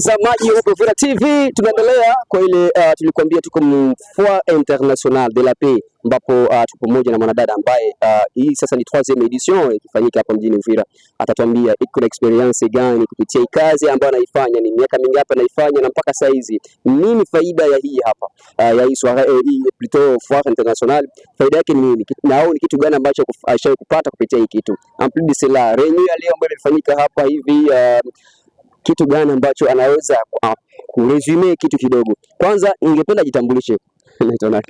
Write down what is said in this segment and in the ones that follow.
Mtazamaji wa Uvira TV tunaendelea kwa ile uh, tulikwambia tuko Foire International de la Paix ambapo uh, tuko pamoja na mwanadada ambaye uh, hii sasa ni 3e edition ikifanyika hapa mjini Uvira. Atatuambia iko na experience gani kupitia hii kazi ambayo anaifanya, ni miaka mingapi anaifanya na mpaka saa hizi nini faida ya hii hapa uh, ya hii soiree eh, hii plutôt Foire International, faida yake ni nini na au ni kitu gani ambacho aishawahi kupata kupitia hii kitu. En plus de cela, reunion leo ambayo ilifanyika hapa hivi uh, kitu gani ambacho anaweza kuresume kitu kidogo. Kwanza ningependa jitambulishe. Naitwa nani?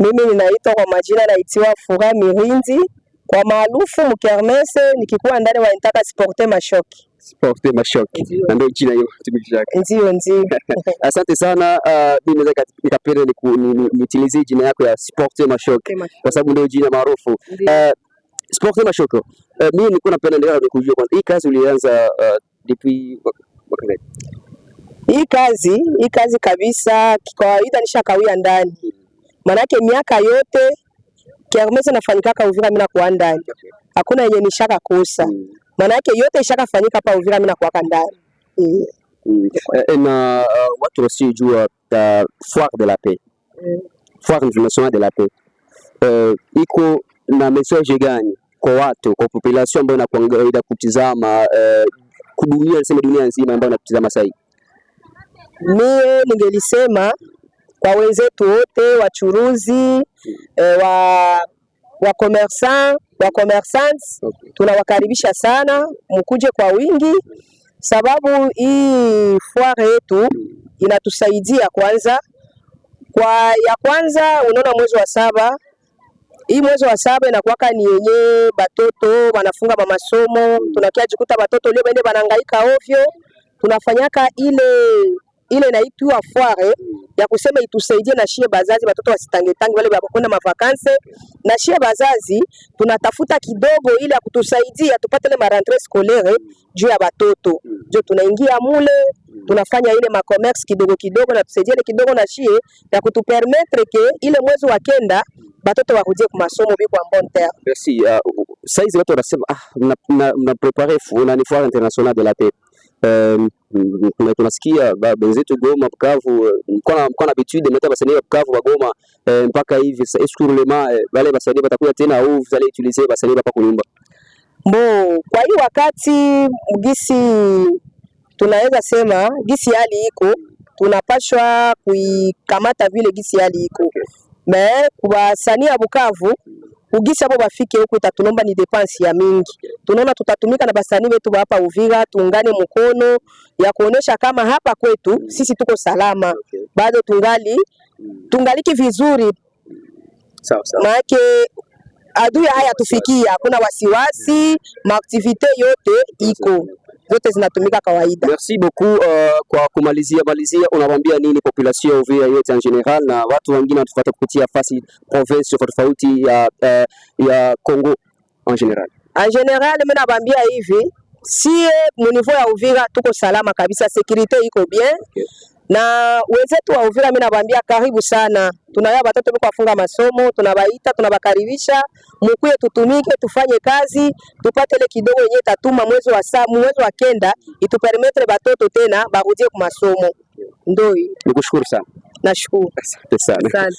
Mimi ninaitwa kwa majina, naitiwa Furaha Mirinzi kwa maarufu Mkermese, nikikuwa ndani wa wanitaka Sporte Mashoki. Sporte Mashoki. Na ndio jina hiyo tumishi yake. Ndio, ndio. Asante sana. Uh, mimi naweza nikapenda niutilize jina yako ya Sporte Mashoki kwa sababu ndio jina maarufu. Uh, Sporte Mashoki. Uh, mimi nilikuwa napenda ndio nikujua kwanza hii kazi ulianza uh, Depuis mwaka Hii kazi hii kazi kabisa, kawaida nishakawia ndani, manake miaka yote kiamesa nafanyikaka Uvira, mimi nakuwa ndani, hakuna yenye nishaka kosa, manake mm. yote ishakafanyika hapa Uvira, mimi nakuwaka ndani mm. Eh, eh, na uh, watu wasiojua uh, Foire de la Paix mm. Foire internationale de la Paix eh, iko na message gani kwa watu, kwa population ambayo inakuangalia kutizama uh, dunia niseme dunia nzima ambayo inatutazama sasa hivi, mie ningelisema kwa wenzetu wote wachuruzi e, wa wa commerçant wa commerçants okay. Tunawakaribisha sana mkuje kwa wingi, sababu hii foire yetu inatusaidia kwanza, kwa ya kwanza unaona mwezi wa saba hii mwezi wa saba inakuwaka ni yenye batoto wanafunga ba masomo, tunakia jikuta batoto leo bende banangaika ovyo. Tunafanyaka ile ile inaitwa foire ya kusema itusaidie na shie bazazi, batoto wasitange tange wale bakona mavakanse na shie bazazi, tunatafuta kidogo ile ya kutusaidia tupate ile marentre scolaire juu ya batoto, ndio tunaingia mule tunafanya ile macomex kidogo kidogo na tusejele kidogo na shie na kutupermetre ke ile mwezi wa kenda batoto bakujie ku masomo biko en bonne terre. Merci. Uh, saizi watu wanasema ah, mna, mna, mna prepare funa ni foire internationale de la paix Um, tunasikia benzetu Goma, Bukavu euh, mko na habitude mleta basanii ya Bukavu Bagoma eh, mpaka hivi eskurulema eh, euh, wale basanii batakuya tena au vous utiliser basanii bapa kunyumba mbo kwa hii wakati mgisi tunaweza sema gisi hali iko, tunapashwa kuikamata vile gisi hali iko me kubasanii ya Bukavu ugisi abo bafike huko, itatulomba ni depansi ya mingi. Tunaona tutatumika na basanii wetu hapa Uvira, tuungane mkono ya kuonesha kama hapa kwetu sisi tuko salama bado, tungali tungaliki vizuri sawa sawa, maake adui haya tufikia, hakuna wasiwasi, maaktivite yote iko zote zinatumika kawaida. Merci beaucoup. Uh, kwa kumalizia malizia, unawaambia nini population ya Uvira yote en general na watu wengine watufuata kupitia fasi province tofauti ya uh, ya Congo en general? En general mimi nawaambia hivi, sie eh, mu niveau ya Uvira tuko salama kabisa, securite iko bien. Okay. na wenzetu wa Uvira, mimi nawaambia karibu sana. Tunaya watoto biko wafunga masomo, tunabaita tunabakaribisha, mkuye tutumike, tufanye kazi, tupate ile kidogo yenye tatuma mwezi wa saa mwezi wa kenda, itupermetre batoto tena barudie ku masomo. Ndio, nikushukuru sana. Nashukuru sana.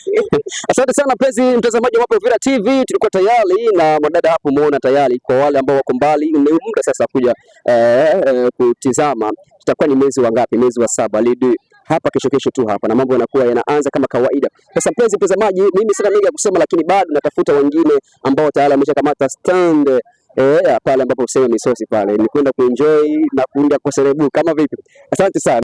Asante sana mpenzi mtazamaji wa Uvira TV, tulikuwa tayari na madada hapo, umeona tayari. Kwa wale ambao wako mbali, ni muda sasa kuja eh, eh, kutizama tutakuwa ni mwezi wa ngapi? Mwezi wa saba lidi hapa kesho kesho tu hapa, na mambo yanakuwa yanaanza kama kawaida. Sasa mpenzi mtazamaji, mimi sina mengi ya kusema, lakini bado natafuta wengine ambao tayari wameshakamata stand eh, pale ambapo useme misosi pale, ni kwenda kuenjoy na kuenda kuserebu kama vipi. Asante sana.